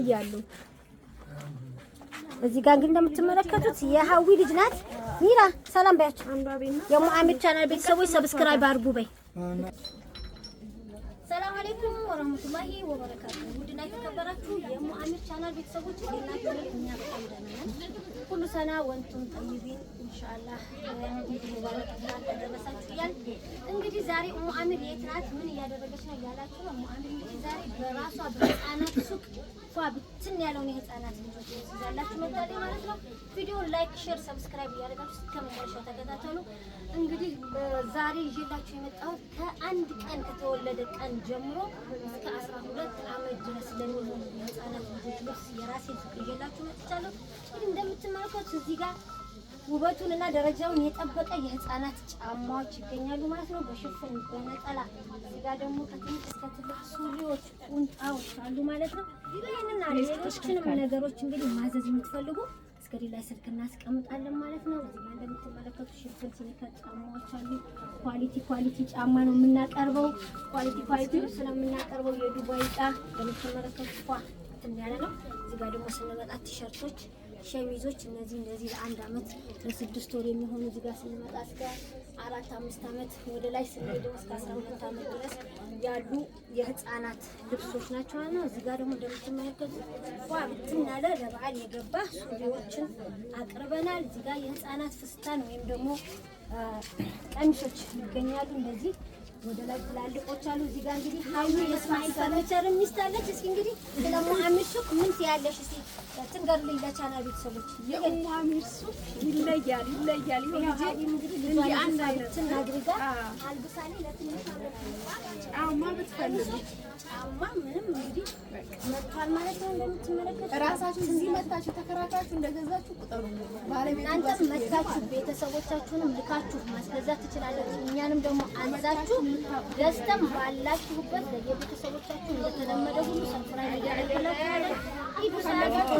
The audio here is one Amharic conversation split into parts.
ይለያሉ። እዚህ ጋር እንግዲህ እንደምትመለከቱት የሀዊ ልጅ ናት ሚራ። ሰላም ባያችሁ የሙአሚድ ቻናል ቤተሰቦች ሰብስክራይብ አድርጉ በይ። ሰላም አለይኩም ወራህመቱላሂ ወበረካቱ። ውድና የተከበራችሁ የሙአሚድ ቻናል ቤተሰቦች እኛ በጣም ደህና ነን። ኩሉ ሰና ወንቱም ጠይቢን ኢንሻአላህ እንግዲህ ዛሬ እሙ አሚር የት ናት? ምን እያደረገች ነው እያላችሁ እሙ አሚር እንግዲህ ዛሬ በራሷ በህፃናት ሱቅ ፏ ብትን ያለውን የህፃናት ልጆች ይዛላችሁ መጣለ ማለት ነው። ቪዲዮ ላይክ፣ ሼር፣ ሰብስክራይብ እያደረጋችሁ እስከ መጨረሻው ተከታተሉ። እንግዲህ ዛሬ ይዤላችሁ የመጣሁት ከአንድ ቀን ከተወለደ ቀን ጀምሮ እስከ አስራ አመት ዓመት ድረስ ለሚሆኑ የህፃናት ልጆች ልብስ የራሴን ሱቅ ይዤላችሁ መጥቻለሁ። ተመልከቱ። እዚህ ጋር ውበቱን እና ደረጃውን የጠበቀ የህፃናት ጫማዎች ይገኛሉ ማለት ነው። በሽፍን በነጠላ እዚህ ጋር ደግሞ ከትንሽ እስከ ትልቅ ሱሪዎች፣ ቁንጣዎች አሉ ማለት ነው። ይህንና ሌሎችንም ነገሮች እንግዲህ ማዘዝ የምትፈልጉ እስክሪን ላይ ስልክ እናስቀምጣለን ማለት ነው። እዚህ ጋር እንደምትመለከቱ ሽፍን ስኒከር ጫማዎች አሉ። ኳሊቲ ኳሊቲ ጫማ ነው የምናቀርበው። ኳሊቲ ኳሊቲ ስለምናቀርበው የዱባይ ዕቃ እንደምትመለከቱ ኳ እንትን ነው። እዚህ ጋር ደግሞ ስንመጣ ቲሸርቶች ሸሚዞች እነዚህ እነዚህ ለአንድ አመት ለስድስት ወር የሚሆኑ እዚህ ጋር ስንመጣ እስከ አራት አምስት አመት ወደ ላይ ስንሄደው እስከ አስራ ሁለት አመት ድረስ ያሉ የህፃናት ልብሶች ናቸው ማለት ነው። እዚህ ጋር ደግሞ እንደምትመለከቱ ዋ ብትናለ ያለ ለበዓል የገባ ሱሪዎችን አቅርበናል። እዚህ ጋር የህፃናት ፍስታን ወይም ደግሞ ቀሚሶች ይገኛሉ። እንደዚህ ወደ ላይ ትላልቆች አሉ። እዚህ ጋር እንግዲህ ሀይሉ የስማይል ፈርኒቸር ሚስት አለች። እስኪ እንግዲህ ስለሞ አምሹክ ምን ትያለሽ እስኪ ትንገሩልኝ ለቻናል ቤተሰቦች የኡማሚር ሱፍ ይለያል ይለያል። እዚህ መታችሁ ተከራካችሁ እንደገዛችሁ ቁጠሩ። እናንተም መታችሁ ቤተሰቦቻችሁንም ልካችሁ ማስገዛት ትችላላችሁ። እኛንም ደግሞ አንዛችሁ ገዝተም ባላችሁበት ለየቤተሰቦቻችሁ እንደተለመደ ሁሉ ሰብስክራይብ እያደረግላችሁ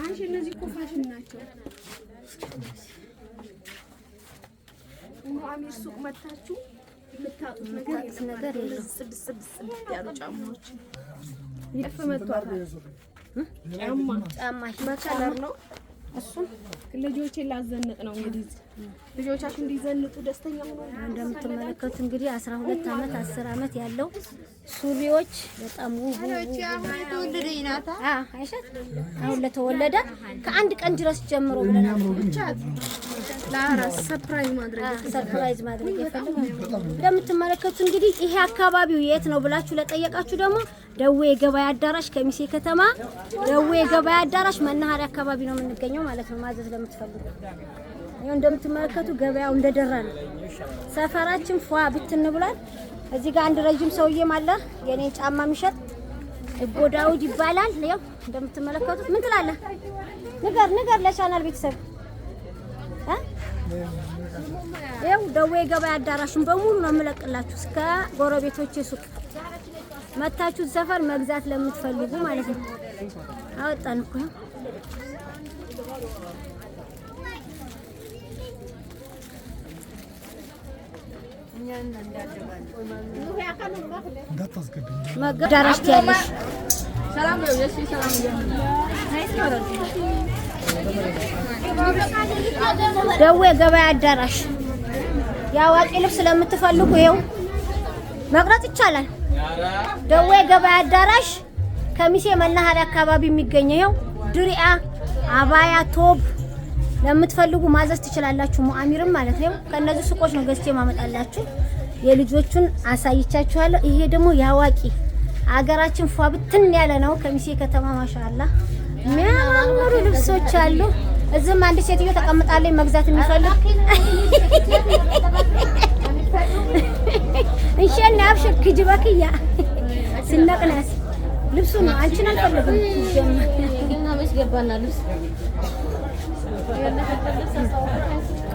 አንቺ እነዚህ እኮ ፋሽን ናቸው። አሚር ሱቅ መታችሁ የምታጡት ነገር የለም። ስድስት ስድስት ያሉ ጫማዎች እፍ መቷል። ጫማ ጫማ መከለር ነው እሱም ልጆቼ ላዘንጥ ነው እንግዲህ ልጆቻችሁ እንዲዘንጡ ደስተኛ ሆኖ እንደምትመለከቱ እንግዲህ 12 ዓመት 10 አመት ያለው ሱሪዎች በጣም ውብ አሁን ለተወለደ ከአንድ ቀን ድረስ ጀምሮ ብለናል። ለአራስ ሰርፕራይዝ ማድረግ ሰርፕራይዝ ማድረግ እንደምትመለከቱ እንግዲህ ይሄ አካባቢው የት ነው ብላችሁ ለጠየቃችሁ ደግሞ ደዌ የገበያ አዳራሽ ከሚሴ ከተማ ደዌ የገበያ አዳራሽ መናኸሪያ አካባቢ ነው የምንገኘው ማለት ነው። ማዘዝ ለምትፈልጉ ይኸው እንደምትመለከቱ ገበያው እንደደራ ነው። ሰፈራችን ፏ ብትን ብሏል። እዚህ ጋር አንድ ረዥም ሰውዬም አለ የኔን ጫማ የሚሸጥ እቦ ዳውድ ይባላል። ያው እንደምትመለከቱት ምን ትላለህ? ንገር ንገር ለቻናል ቤተሰብ ይኸው ደዌ ገበያ አዳራሹን በሙሉ ነው የምለቅላችሁ እስከ ጎረቤቶቼ ሱቅ መታችሁ ዘፈር መግዛት ለምትፈልጉ ማለት ነው። አወጣን እኮ አዳራሽ ያለሽ ሰላም ነው። ደዌ ገበያ አዳራሽ የአዋቂ ልብስ ለምትፈልጉ ይኸው መቅረጽ ይቻላል። ደዌ ገበያ አዳራሽ ከሚሴ መናኸሪያ አካባቢ የሚገኘው ይኸው ድሪያ አባያ ቶብ ለምትፈልጉ ማዘዝ ትችላላችሁ። ሙአሚርም ማለት ነው። ከነዚህ ሱቆች ነው ገዝቼ ማመጣላችሁ። የልጆቹን አሳይቻችኋለሁ። ይሄ ደግሞ የአዋቂ ሀገራችን ፏብትን ያለ ነው። ከሚሴ ከተማ ማሻአላ የሚያማምሩ ልብሶች አሉ። እዚህም አንድ ሴትዮ ተቀምጣለች መግዛት የሚፈልግ እንሸና አብሽር በክያ ስነቅናስ ልብሱ ነው። አንቺን አልፈልግም።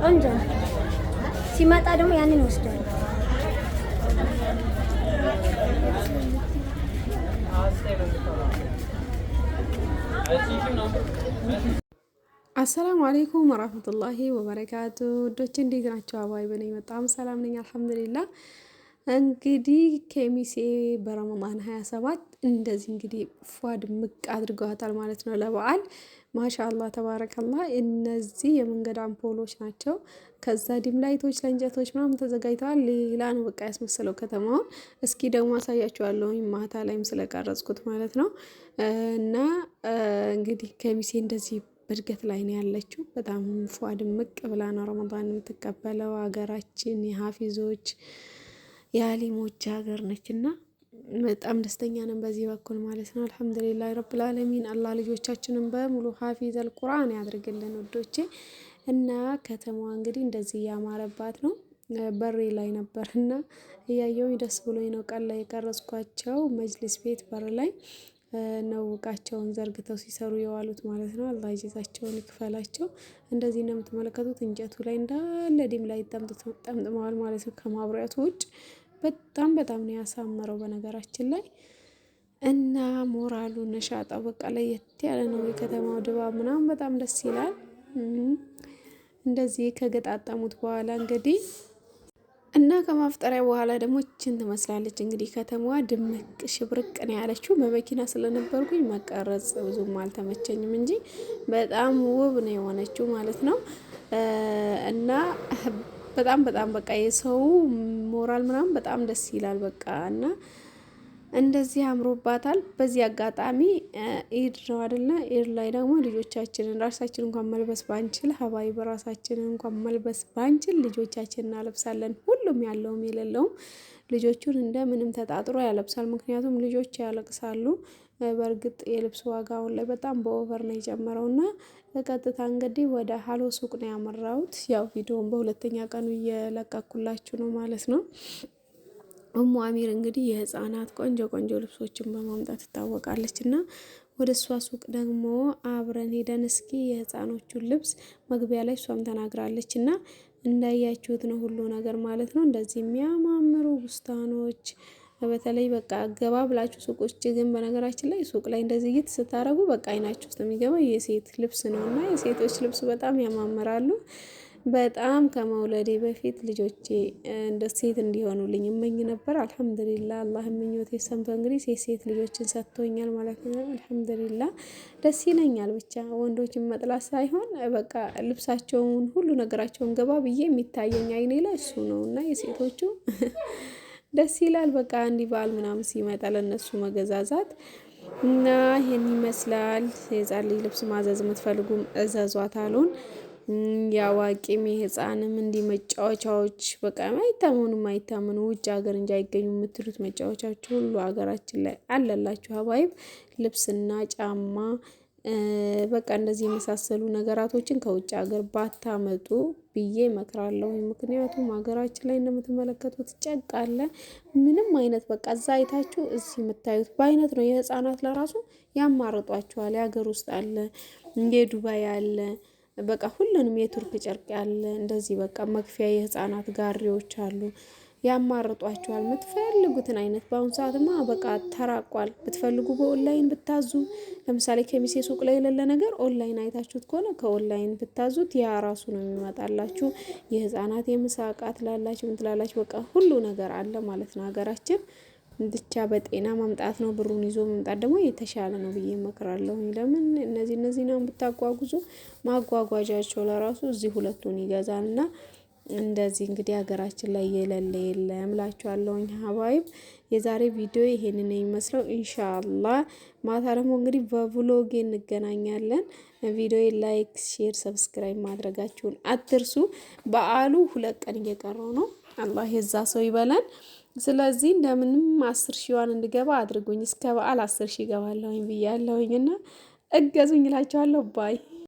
ቆንጆ ሲመጣ ደግሞ ያንን ይወስዳል። አሰላሙ አሌይኩም ወራህመቱላሂ ወበረካቱ ውዶች እንዴት ናቸው? አባይ በነኝ በጣም ሰላም ነኝ አልሐምዱሊላ። እንግዲህ ኬሚሴ በረመዳን ሀያ ሰባት እንደዚህ እንግዲህ ፏድ ምቅ አድርገዋታል ማለት ነው ለበዓል ማሻአላ ተባረከላ። እነዚህ የመንገድ አምፖሎች ናቸው። ከዛ ዲም ላይቶች ለእንጨቶች ምናምን ተዘጋጅተዋል። ሌላ ነው በቃ ያስመሰለው ከተማውን። እስኪ ደግሞ አሳያችኋለሁ ማታ ላይም ስለቀረጽኩት ማለት ነው። እና እንግዲህ ከሚሴ እንደዚህ በእድገት ላይ ነው ያለችው። በጣም ፏ ድምቅ ብላ ነው ረመዳን የምትቀበለው። ሀገራችን የሀፊዞች የአሊሞች ሀገር ነች እና በጣም ደስተኛ ነን በዚህ በኩል ማለት ነው። አልሐምዱሊላህ ረብል ዓለሚን አላህ ልጆቻችንን በሙሉ ሀፊዝ አልቁርአን ያድርግልን ውዶቼ። እና ከተማዋ እንግዲህ እንደዚህ እያማረባት ነው። በሬ ላይ ነበር እና እያየው ደስ ብሎኝ ነው ቀን ላይ የቀረጽኳቸው መጅሊስ ቤት በር ላይ ነው እቃቸውን ዘርግተው ሲሰሩ የዋሉት ማለት ነው። አላህ ጀዛቸውን ይክፈላቸው። እንደዚህ እንደምትመለከቱት እንጨቱ ላይ እንዳለ ዲም ላይ ጠምጥመዋል ማለት ነው ከማብሪያቱ ውጭ። በጣም በጣም ነው ያሳመረው በነገራችን ላይ እና ሞራሉ ነሻጣ በቃ ለየት ያለ ነው። የከተማው ድባብ ምናምን በጣም ደስ ይላል። እንደዚህ ከገጣጠሙት በኋላ እንግዲህ እና ከማፍጠሪያ በኋላ ደግሞ እችን ትመስላለች እንግዲህ ከተማዋ ድምቅ ሽብርቅ ነው ያለችው። በመኪና ስለነበርኩኝ መቀረጽ ብዙም አልተመቸኝም እንጂ በጣም ውብ ነው የሆነችው ማለት ነው። እና በጣም በጣም በቃ የሰው ሞራል ምናምን በጣም ደስ ይላል በቃ እና እንደዚህ አምሮባታል። በዚህ አጋጣሚ ኢድ ነው አደለ? ኢድ ላይ ደግሞ ልጆቻችንን ራሳችን እንኳን መልበስ ባንችል ሀባይ በራሳችንን እንኳን መልበስ ባንችል ልጆቻችን እናለብሳለን። ሁሉም ያለውም የሌለውም ልጆቹን እንደ ምንም ተጣጥሮ ያለብሳል። ምክንያቱም ልጆች ያለቅሳሉ። በእርግጥ የልብስ ዋጋ አሁን ላይ በጣም በኦቨር ነው የጨመረው እና በቀጥታ እንግዲህ ወደ ሀሎ ሱቅ ነው ያመራሁት። ያው ቪዲዮውን በሁለተኛ ቀኑ እየለቀኩላችሁ ነው ማለት ነው። እሙ አሚር እንግዲህ የህፃናት ቆንጆ ቆንጆ ልብሶችን በማምጣት ትታወቃለች እና ወደ እሷ ሱቅ ደግሞ አብረን ሄደን እስኪ የህፃኖቹን ልብስ መግቢያ ላይ እሷም ተናግራለች እና እንዳያችሁት ነው ሁሉ ነገር ማለት ነው። እንደዚህ የሚያማምሩ ቡስታኖች በተለይ በቃ አገባ ብላችሁ ሱቆች ግን በነገራችን ላይ ሱቅ ላይ እንደዚህ እይት ስታረጉ በቃ አይናችሁ ውስጥ የሚገባ የሴት ልብስ ነው እና የሴቶች ልብስ በጣም ያማምራሉ። በጣም ከመውለዴ በፊት ልጆቼ እንደ ሴት እንዲሆኑልኝ እመኝ ነበር። አልሐምዱሊላ አላህ ምኞቴ ሰምቶ እንግዲህ ሴት ሴት ልጆችን ሰጥቶኛል ማለት ነው። አልሐምዱሊላ ደስ ይለኛል። ብቻ ወንዶችን መጥላት ሳይሆን በቃ ልብሳቸውን፣ ሁሉ ነገራቸውን ገባ ብዬ የሚታየኝ አይኔ ላይ እሱ ነው እና የሴቶቹ ደስ ይላል። በቃ እንዲህ በዓል ምናምን ሲመጣ ለእነሱ መገዛዛት እና ይህን ይመስላል። የጻልኝ ልብስ ማዘዝ የምትፈልጉም እዘዟት አሉን። የአዋቂም የህፃንም እንዲህ መጫወቻዎች በቃ አይታመኑም አይታመኑ ውጭ ሀገር እንጂ አይገኙ የምትሉት መጫወቻዎች ሁሉ ሀገራችን ላይ አለላችሁ። ሀባይብ ልብስና ጫማ በቃ እንደዚህ የመሳሰሉ ነገራቶችን ከውጭ ሀገር ባታመጡ ብዬ እመክራለሁ። ምክንያቱም ሀገራችን ላይ እንደምትመለከቱት ጨቅ አለ ምንም አይነት በቃ እዛ አይታችሁ እዚህ የምታዩት በአይነት ነው። የህፃናት ለራሱ ያማርጧቸዋል። የሀገር ውስጥ አለ፣ የዱባይ አለ በቃ ሁሉንም የቱርክ ጨርቅ ያለ እንደዚህ በቃ መክፊያ የህፃናት ጋሪዎች አሉ። ያማርጧቸዋል የምትፈልጉትን አይነት። በአሁኑ ሰዓትማ በቃ ተራቋል። ብትፈልጉ በኦንላይን ብታዙ፣ ለምሳሌ ከሚሴ ሱቅ ላይ የሌለ ነገር ኦንላይን አይታችሁት ከሆነ ከኦንላይን ብታዙት ያ ራሱ ነው የሚመጣላችሁ። የህፃናት የምሳቃት እቃ ትላላችሁ፣ በቃ ሁሉ ነገር አለ ማለት ነው ሀገራችን ብቻ በጤና መምጣት ነው። ብሩን ይዞ መምጣት ደግሞ የተሻለ ነው ብዬ እመክራለሁ። ለምን እነዚህ እነዚህ ነው ብታጓጉዙ ማጓጓዣቸው ለራሱ እዚህ ሁለቱን ይገዛል እና እንደዚህ እንግዲህ ሀገራችን ላይ የለለ የለም እላችኋለሁኝ። ሀባይብ የዛሬ ቪዲዮ ይሄንን የሚመስለው ኢንሻላ። ማታ ደግሞ እንግዲህ በቭሎጌ እንገናኛለን። ቪዲዮ ላይክ፣ ሼር፣ ሰብስክራይብ ማድረጋችሁን አትርሱ። በዓሉ ሁለት ቀን እየቀረው ነው። አላህ የዛ ሰው ይበለን። ስለዚህ እንደምንም አስር ሺዋን እንድገባ አድርጉኝ። እስከ በዓል አስር ሺ ይገባለሁኝ ብያለሁኝ እና እገዙኝ እላቸዋለሁ ባይ